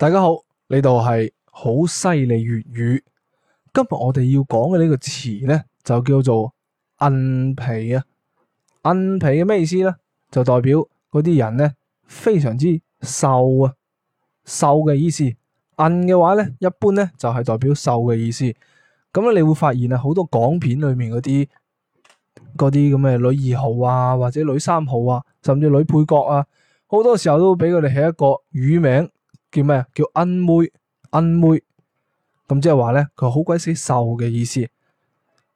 大家好，呢度係好犀利粵語。今日我哋要講嘅呢個詞呢，就叫做“奀皮”啊。奀皮係咩意思呢？就代表嗰啲人呢，非常之瘦啊，瘦嘅意思。奀嘅話呢，一般呢就係、是、代表瘦嘅意思。咁咧你會發現啊，好多港片裏面嗰啲嗰啲咁嘅女二號啊，或者女三號啊，甚至女配角啊，好多時候都俾佢哋起一個乳名。叫咩啊？叫奀妹，奀妹，咁即係話咧，佢好鬼死瘦嘅意思。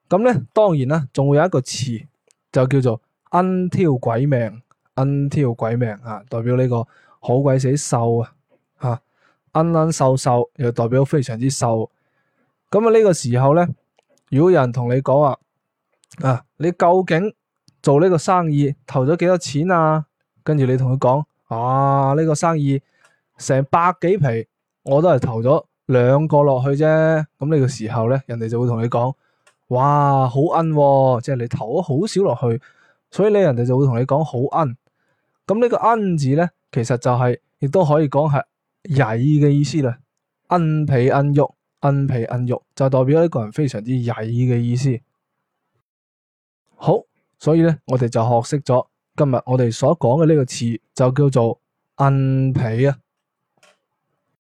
咁咧，當然啦，仲會有一個詞，就叫做奀挑鬼命，奀挑鬼命啊，代表呢個好鬼死瘦啊，吓，奀奀瘦瘦，ou，又代表非常之瘦。咁啊，呢個時候咧，如果有人同你講話啊，啊，你究竟做呢個生意投咗幾多錢啊？跟住你同佢講啊，呢個生意。成百幾皮，我都係投咗兩個落去啫。咁呢個時候咧，人哋就會同你講，哇，好奀喎，即係你投咗好少落去，所以咧，人哋就會同你講好奀。咁呢個奀字咧，其實就係、是、亦都可以講係曳嘅意思啦。奀皮奀肉，奀皮奀肉就代表呢個人非常之曳嘅意思。好，所以咧，我哋就學識咗今日我哋所講嘅呢個詞就叫做奀皮啊。